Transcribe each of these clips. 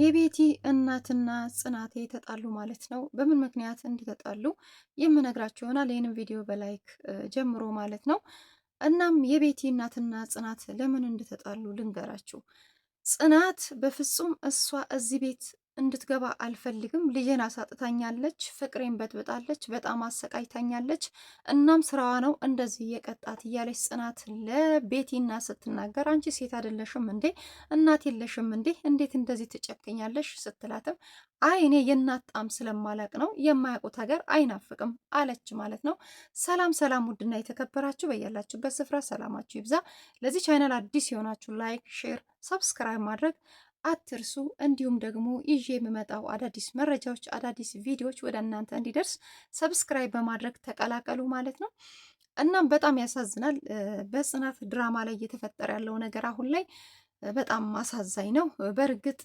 የቤቲ እናትና ጽናቴ ተጣሉ ማለት ነው። በምን ምክንያት እንደተጣሉ የምነግራችሁ ይሆናል። ይህንም ቪዲዮ በላይክ ጀምሮ ማለት ነው። እናም የቤቲ እናትና ጽናት ለምን እንደተጣሉ ልንገራችሁ። ጽናት በፍጹም እሷ እዚህ ቤት እንድትገባ አልፈልግም። ልጄን አሳጥታኛለች፣ ፍቅሬን በጥብጣለች፣ በጣም አሰቃይታኛለች። እናም ስራዋ ነው እንደዚህ የቀጣት እያለች ጽናት ለቤቲና ስትናገር አንቺ ሴት አይደለሽም እንዴ? እናት የለሽም እንዴ? እንዴት እንደዚህ ትጨክኛለሽ? ስትላትም አይ እኔ የእናት ጣም ስለማላቅ ነው የማያውቁት ሀገር አይናፍቅም አለች ማለት ነው። ሰላም ሰላም፣ ውድና የተከበራችሁ በያላችሁበት ስፍራ ሰላማችሁ ይብዛ። ለዚህ ቻይናል አዲስ የሆናችሁ ላይክ፣ ሼር፣ ሰብስክራይብ ማድረግ አትርሱ። እንዲሁም ደግሞ ይዤ የምመጣው አዳዲስ መረጃዎች፣ አዳዲስ ቪዲዮዎች ወደ እናንተ እንዲደርስ ሰብስክራይብ በማድረግ ተቀላቀሉ ማለት ነው። እናም በጣም ያሳዝናል። በጽናት ድራማ ላይ እየተፈጠረ ያለው ነገር አሁን ላይ በጣም አሳዛኝ ነው። በእርግጥ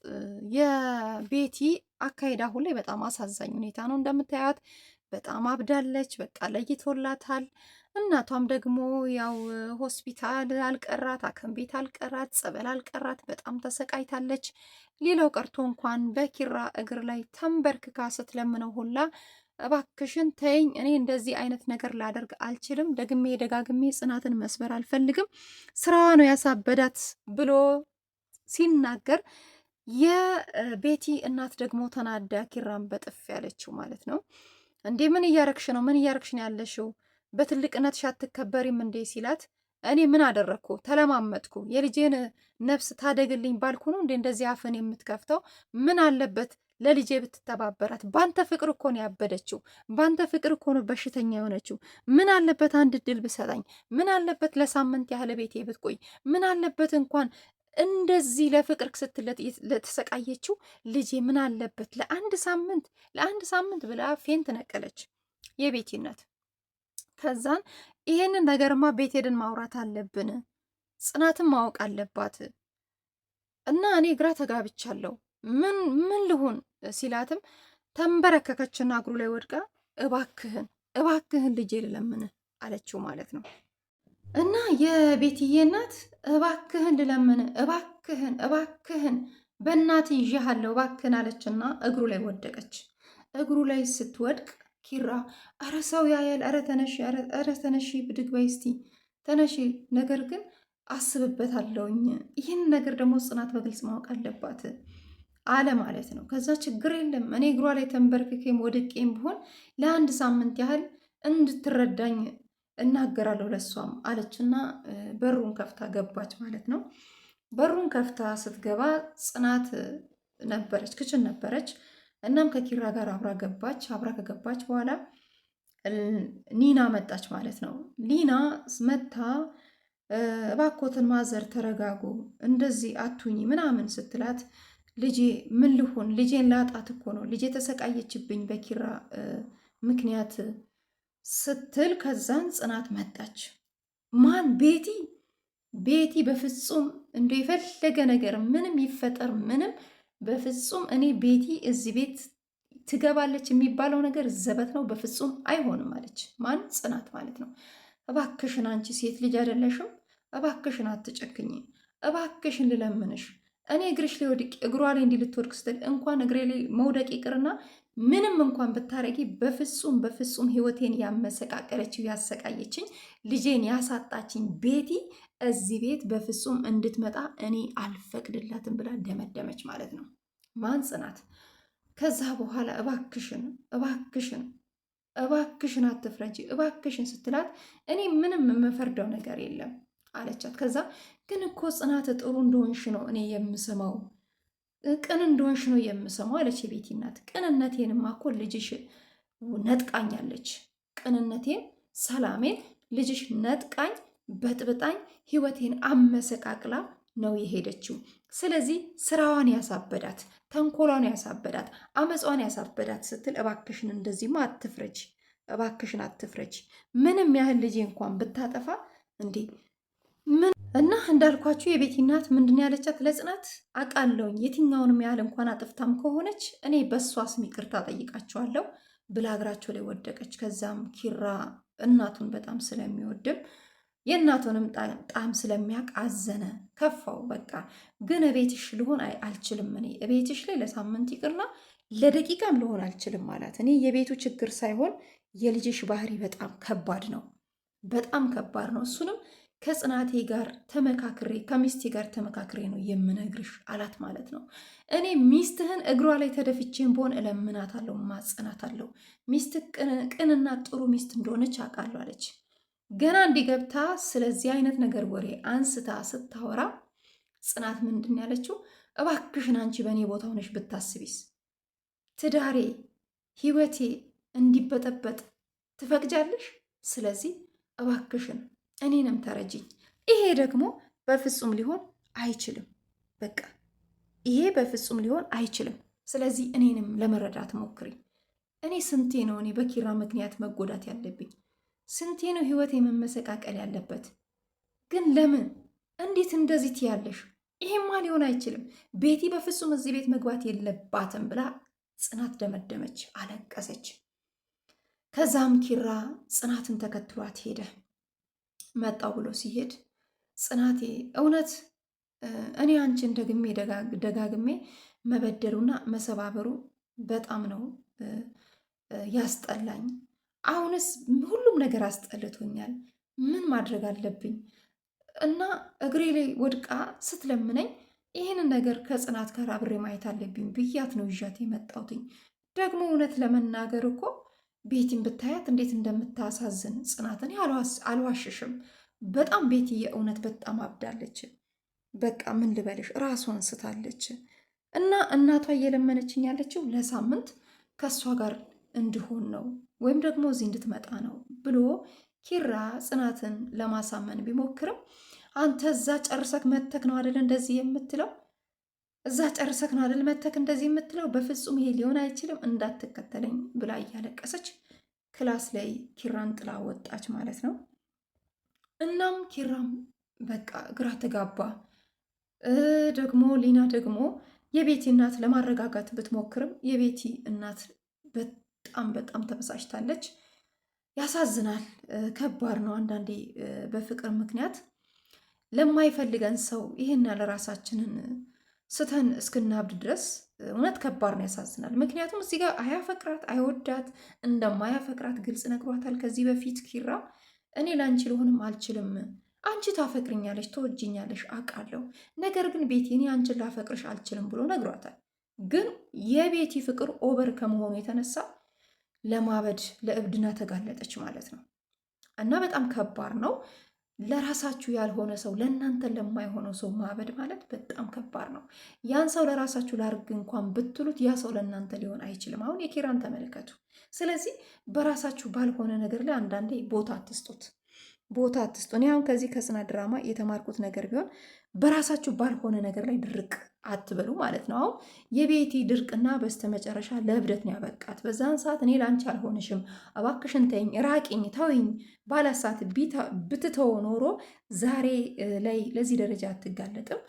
የቤቲ አካሄድ አሁን ላይ በጣም አሳዛኝ ሁኔታ ነው። እንደምታያት በጣም አብዳለች። በቃ ለይቶላታል። እናቷም ደግሞ ያው ሆስፒታል አልቀራት፣ አከንቤት ቤት አልቀራት፣ ጸበል አልቀራት። በጣም ተሰቃይታለች። ሌላው ቀርቶ እንኳን በኪራ እግር ላይ ተንበርክካ ስትለምነው ሁላ እባክሽን ተይኝ፣ እኔ እንደዚህ አይነት ነገር ላደርግ አልችልም። ደግሜ ደጋግሜ ጽናትን መስበር አልፈልግም፣ ስራዋ ነው ያሳበዳት ብሎ ሲናገር የቤቲ እናት ደግሞ ተናዳ ኪራን በጥፍ ያለችው ማለት ነው። እንዴ ምን እያረግሽ ነው? ምን እያረግሽ ነው ያለሽው? በትልቅነትሽ አትከበሪም እንዴ ሲላት እኔ ምን አደረግኩ? ተለማመጥኩ። የልጄን ነፍስ ታደግልኝ ባልኩ ነው እንዴ እንደዚህ አፍን የምትከፍተው? ምን አለበት ለልጄ ብትተባበራት። ባንተ ፍቅር እኮ ነው ያበደችው። ባንተ ፍቅር እኮ ነው በሽተኛ የሆነችው። ምን አለበት አንድ ድል ብሰጠኝ? ምን አለበት ለሳምንት ያህል ቤቴ ብትቆይ? ምን አለበት እንኳን እንደዚህ ለፍቅር ስትል ለተሰቃየችው ልጄ ምን አለበት ለአንድ ሳምንት ለአንድ ሳምንት ብላ ፌን ነቀለች የቤቲ ከዛን ይሄንን ነገርማ ቤት ሄደን ማውራት አለብን፣ ጽናትን ማወቅ አለባት እና እኔ ግራ ተጋብቻለሁ፣ ምን ምን ልሁን ሲላትም ተንበረከከችና እግሩ ላይ ወድቃ እባክህን እባክህን ልጄ ልለምንህ አለችው ማለት ነው። እና የቤትዬ እናት እባክህን ልለምን እባክህን እባክህን በእናት ይዣሃለሁ እባክህን አለችና እግሩ ላይ ወደቀች። እግሩ ላይ ስትወድቅ ኪራ አረ ሰው ያያል፣ አረ ተነሺ፣ አረ ተነሺ፣ ብድግ በይ እስቲ ተነሺ። ነገር ግን አስብበታለሁኝ ይህን ነገር ደግሞ ጽናት በግልጽ ማወቅ አለባት አለ ማለት ነው። ከዛ ችግር የለም እኔ እግሯ ላይ ተንበርክኬም ወድቄም ቢሆን ለአንድ ሳምንት ያህል እንድትረዳኝ እናገራለሁ ለሷም አለችና በሩን ከፍታ ገባች ማለት ነው። በሩን ከፍታ ስትገባ ጽናት ነበረች፣ ክችን ነበረች። እናም ከኪራ ጋር አብራ ገባች። አብራ ከገባች በኋላ ኒና መጣች ማለት ነው። ኒና መታ እባኮትን ማዘር ተረጋጉ፣ እንደዚህ አቱኝ ምናምን ስትላት ልጄ ምን ልሆን ልጄን ላጣት እኮ ነው ልጄ ተሰቃየችብኝ በኪራ ምክንያት ስትል ከዛን ጽናት መጣች። ማን ቤቲ? ቤቲ በፍጹም እንደ የፈለገ ነገር ምንም ይፈጠር ምንም፣ በፍጹም እኔ ቤቲ እዚህ ቤት ትገባለች የሚባለው ነገር ዘበት ነው፣ በፍጹም አይሆንም አለች። ማን? ጽናት ማለት ነው። እባክሽን አንቺ ሴት ልጅ አይደለሽም? እባክሽን አትጨክኝ፣ እባክሽን ልለምንሽ እኔ እግርሽ ላይ ወድቄ እግሯ ላይ እንዲህ ልትወድቅ ስትል እንኳን እግሬ ላይ መውደቅ ይቅርና ምንም እንኳን ብታረጊ በፍጹም በፍጹም ህይወቴን ያመሰቃቀለችው ያሰቃየችኝ ልጄን ያሳጣችኝ ቤቲ እዚህ ቤት በፍጹም እንድትመጣ እኔ አልፈቅድላትም ብላ ደመደመች ማለት ነው። ማን ጽናት። ከዛ በኋላ እባክሽን እባክሽን እባክሽን አትፍረጂ እባክሽን ስትላት እኔ ምንም የምፈርደው ነገር የለም አለቻት። ከዛ ግን እኮ ጽናት ጥሩ እንደሆንሽ ነው እኔ የምሰማው ቅን እንደሆንሽ ነው የምሰማው አለች የቤቲ እናት። ቅንነቴንማ እኮ ልጅሽ ነጥቃኛለች። ቅንነቴን፣ ሰላሜን ልጅሽ ነጥቃኝ፣ በጥብጣኝ፣ ህይወቴን አመሰቃቅላ ነው የሄደችው። ስለዚህ ስራዋን ያሳበዳት፣ ተንኮሏን ያሳበዳት፣ አመጿን ያሳበዳት ስትል እባክሽን እንደዚህማ አትፍረጅ፣ እባክሽን አትፍረጅ። ምንም ያህል ልጄ እንኳን ብታጠፋ እንዴ ምን እና እንዳልኳችሁ የቤቲ እናት ምንድን ያለቻት ለጽናት አቃለውኝ የትኛውንም ያህል እንኳን አጥፍታም ከሆነች እኔ በእሷ ስም ይቅርታ ጠይቃቸዋለሁ ብላ እግራቸው ላይ ወደቀች። ከዛም ኪራ እናቱን በጣም ስለሚወድም የእናቱንም ጣም ስለሚያውቅ አዘነ፣ ከፋው። በቃ ግን እቤትሽ ልሆን አልችልም እኔ እቤትሽ ላይ ለሳምንት ይቅርና ለደቂቃም ልሆን አልችልም ማለት እኔ የቤቱ ችግር ሳይሆን የልጅሽ ባህሪ በጣም ከባድ ነው፣ በጣም ከባድ ነው እሱንም ከጽናቴ ጋር ተመካክሬ ከሚስቴ ጋር ተመካክሬ ነው የምነግርሽ አላት ማለት ነው። እኔ ሚስትህን እግሯ ላይ ተደፍቼን በሆን እለምናታለሁ፣ ማጸናታለሁ። ሚስት ቅንና ጥሩ ሚስት እንደሆነች አውቃለሁ አለች። ገና እንዲገብታ ስለዚህ አይነት ነገር ወሬ አንስታ ስታወራ ጽናት ምንድን ያለችው? እባክሽን አንቺ በእኔ ቦታ ሆነሽ ብታስቢስ ትዳሬ ህይወቴ እንዲበጠበጥ ትፈቅጃለሽ? ስለዚህ እባክሽን እኔንም ተረጅኝ። ይሄ ደግሞ በፍጹም ሊሆን አይችልም። በቃ ይሄ በፍጹም ሊሆን አይችልም። ስለዚህ እኔንም ለመረዳት ሞክሪ። እኔ ስንቴ ነው እኔ በኪራ ምክንያት መጎዳት ያለብኝ? ስንቴ ነው ህይወት መመሰቃቀል ያለበት? ግን ለምን እንዴት እንደዚህ ትያለሽ? ይሄማ ሊሆን አይችልም። ቤቲ በፍጹም እዚህ ቤት መግባት የለባትም ብላ ጽናት ደመደመች፣ አለቀሰች። ከዛም ኪራ ጽናትን ተከትሏት ሄደ። መጣው ብሎ ሲሄድ ጽናቴ እውነት እኔ አንቺን ደግሜ ደጋግሜ መበደሩና መሰባበሩ በጣም ነው ያስጠላኝ። አሁንስ ሁሉም ነገር አስጠልቶኛል። ምን ማድረግ አለብኝ? እና እግሬ ላይ ወድቃ ስትለምነኝ ይህንን ነገር ከጽናት ጋር አብሬ ማየት አለብኝ ብያት ነው ይዣት የመጣውትኝ ደግሞ እውነት ለመናገር እኮ ቤቲን ብታያት እንዴት እንደምታሳዝን ጽናትን አልዋሽሽም። በጣም ቤቲ የእውነት በጣም አብዳለች። በቃ ምን ልበልሽ ራሷን ስታለች። እና እናቷ እየለመነችኝ ያለችው ለሳምንት ከእሷ ጋር እንድሆን ነው ወይም ደግሞ እዚህ እንድትመጣ ነው ብሎ ኪራ ጽናትን ለማሳመን ቢሞክርም አንተ እዛ ጨርሰክ መተክ ነው አደለ እንደዚህ የምትለው እዛ ጨርሰክ ነው አይደል መተክ እንደዚህ የምትለው? በፍጹም ይሄ ሊሆን አይችልም፣ እንዳትከተለኝ ብላ እያለቀሰች ክላስ ላይ ኪራን ጥላ ወጣች ማለት ነው። እናም ኪራም በቃ ግራ ተጋባ። ደግሞ ሊና ደግሞ የቤቲ እናት ለማረጋጋት ብትሞክርም የቤቲ እናት በጣም በጣም ተበሳጭታለች። ያሳዝናል። ከባድ ነው አንዳንዴ በፍቅር ምክንያት ለማይፈልገን ሰው ይህን ያለ ራሳችንን ስተን እስክናብድ ድረስ እውነት ከባድ ነው፣ ያሳዝናል። ምክንያቱም እዚህ ጋር አያፈቅራት አይወዳት እንደማያፈቅራት ግልጽ ነግሯታል። ከዚህ በፊት ኪራ እኔ ለአንቺ ልሆንም አልችልም አንቺ ታፈቅርኛለሽ፣ ተወጅኛለሽ አውቃለሁ፣ ነገር ግን ቤቲ እኔ አንቺን ላፈቅርሽ አልችልም ብሎ ነግሯታል። ግን የቤቲ ፍቅር ኦቨር ከመሆኑ የተነሳ ለማበድ ለእብድና ተጋለጠች ማለት ነው። እና በጣም ከባድ ነው። ለራሳችሁ ያልሆነ ሰው ለእናንተ ለማይሆነው ሰው ማበድ ማለት በጣም ከባድ ነው። ያን ሰው ለራሳችሁ ላርግ እንኳን ብትሉት ያ ሰው ለእናንተ ሊሆን አይችልም። አሁን የኪራን ተመልከቱ። ስለዚህ በራሳችሁ ባልሆነ ነገር ላይ አንዳንዴ ቦታ አትስጡት። ቦታ አትስጡ። እኔ አሁን ከዚህ ከጽናት ድራማ የተማርኩት ነገር ቢሆን በራሳችሁ ባልሆነ ነገር ላይ ድርቅ አትበሉ ማለት ነው። አሁን የቤቲ ድርቅና በስተመጨረሻ ለእብደት ነው ያበቃት። በዛን ሰዓት እኔ ላንቺ አልሆንሽም፣ እባክሽን ተይኝ፣ ራቂኝ፣ ተውኝ ባላት ሰዓት ብትተው ኖሮ ዛሬ ላይ ለዚህ ደረጃ አትጋለጥም።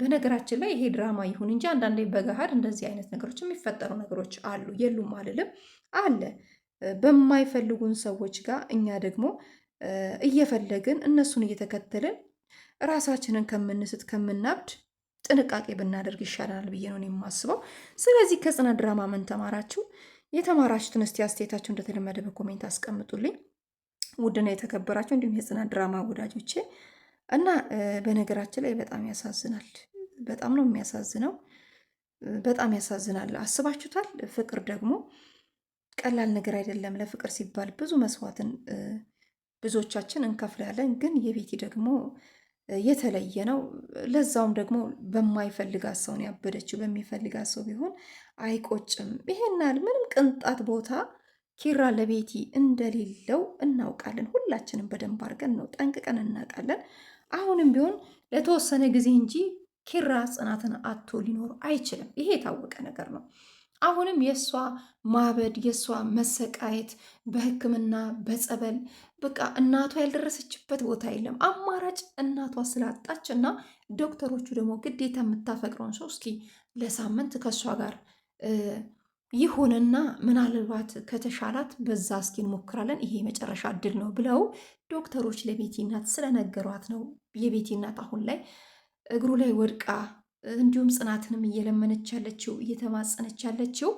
በነገራችን ላይ ይሄ ድራማ ይሁን እንጂ አንዳንዴ በገሃድ እንደዚህ አይነት ነገሮች የሚፈጠሩ ነገሮች አሉ። የሉም አልልም፣ አለ በማይፈልጉን ሰዎች ጋር እኛ ደግሞ እየፈለግን እነሱን እየተከተልን ራሳችንን ከምንስት ከምናብድ ጥንቃቄ ብናደርግ ይሻላል ብዬ ነው የማስበው። ስለዚህ ከጽናት ድራማ ምን ተማራችሁ? የተማራችሁትን እስቲ አስተያየታችሁ እንደተለመደ በኮሜንት አስቀምጡልኝ። ውድና የተከበራችሁ እንዲሁም የጽናት ድራማ ወዳጆቼ እና በነገራችን ላይ በጣም ያሳዝናል። በጣም ነው የሚያሳዝነው። በጣም ያሳዝናል። አስባችሁታል? ፍቅር ደግሞ ቀላል ነገር አይደለም። ለፍቅር ሲባል ብዙ መስዋዕትን ብዙዎቻችን እንከፍላለን። ግን የቤቲ ደግሞ የተለየ ነው። ለዛውም ደግሞ በማይፈልጋት ሰውን ያበደችው። በሚፈልጋት ሰው ቢሆን አይቆጭም። ይሄን ያህል ምንም ቅንጣት ቦታ ኪራ ለቤቲ እንደሌለው እናውቃለን። ሁላችንም በደንብ አድርገን ነው ጠንቅቀን እናውቃለን። አሁንም ቢሆን ለተወሰነ ጊዜ እንጂ ኪራ ጽናትን አቶ ሊኖር አይችልም። ይሄ የታወቀ ነገር ነው። አሁንም የእሷ ማበድ የእሷ መሰቃየት በሕክምና በጸበል በቃ እናቷ ያልደረሰችበት ቦታ የለም። አማራጭ እናቷ ስላጣች እና ዶክተሮቹ ደግሞ ግዴታ የምታፈቅረውን ሰው እስኪ ለሳምንት ከእሷ ጋር ይሁንና ምናልባት ከተሻላት በዛ እስኪ እንሞክራለን፣ ይሄ የመጨረሻ እድል ነው ብለው ዶክተሮች ለቤቲ እናት ስለነገሯት ነው የቤቲ እናት አሁን ላይ እግሩ ላይ ወድቃ እንዲሁም ጽናትንም እየለመነች ያለችው እየተማጸነች ያለችው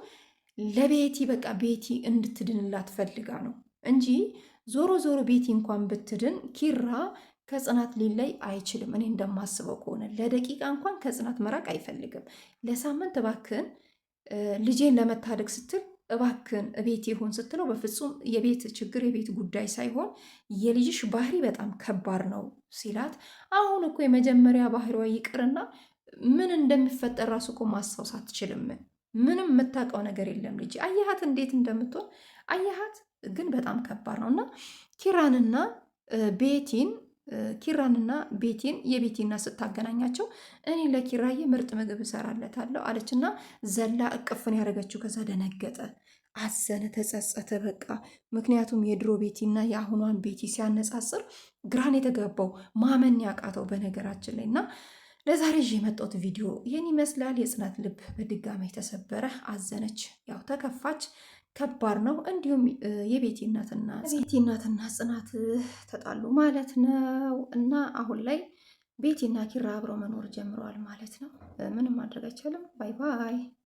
ለቤቲ በቃ ቤቲ እንድትድንላት ፈልጋ ነው እንጂ ዞሮ ዞሮ ቤቲ እንኳን ብትድን ኪራ ከጽናት ሊለይ አይችልም። እኔ እንደማስበው ከሆነ ለደቂቃ እንኳን ከጽናት መራቅ አይፈልግም። ለሳምንት እባክን ልጄን ለመታደግ ስትል እባክን ቤት ይሁን ስትለው በፍጹም የቤት ችግር የቤት ጉዳይ ሳይሆን የልጅሽ ባህሪ በጣም ከባድ ነው ሲላት፣ አሁን እኮ የመጀመሪያ ባህሪዋ ይቅርና ምን እንደሚፈጠር ራሱ እኮ ማስታወስ አትችልም። ምንም የምታውቀው ነገር የለም። ልጅ አየሃት እንዴት እንደምትሆን አየሃት። ግን በጣም ከባድ ነው እና ኪራንና ቤቲን ኪራንና ቤቲን የቤቲና ስታገናኛቸው እኔ ለኪራዬ ምርጥ ምግብ እሰራለታለሁ አለችና ዘላ እቅፍን ያደረገችው። ከዛ ደነገጠ፣ አዘነ፣ ተጸጸተ በቃ ምክንያቱም የድሮ ቤቲና የአሁኗን ቤቲ ሲያነጻጽር ግራን የተጋባው ማመን ያቃተው በነገራችን ላይ እና ለዛሬ ይዤ የመጣሁት ቪዲዮ ይህን ይመስላል። የጽናት ልብ በድጋሚ ተሰበረ፣ አዘነች፣ ያው ተከፋች። ከባድ ነው። እንዲሁም የቤቲ እናትና ቤቲ እናትና ጽናት ተጣሉ ማለት ነው እና አሁን ላይ ቤቲና ኪራ አብረው መኖር ጀምረዋል ማለት ነው። ምንም ማድረግ አይቻልም። ባይ ባይ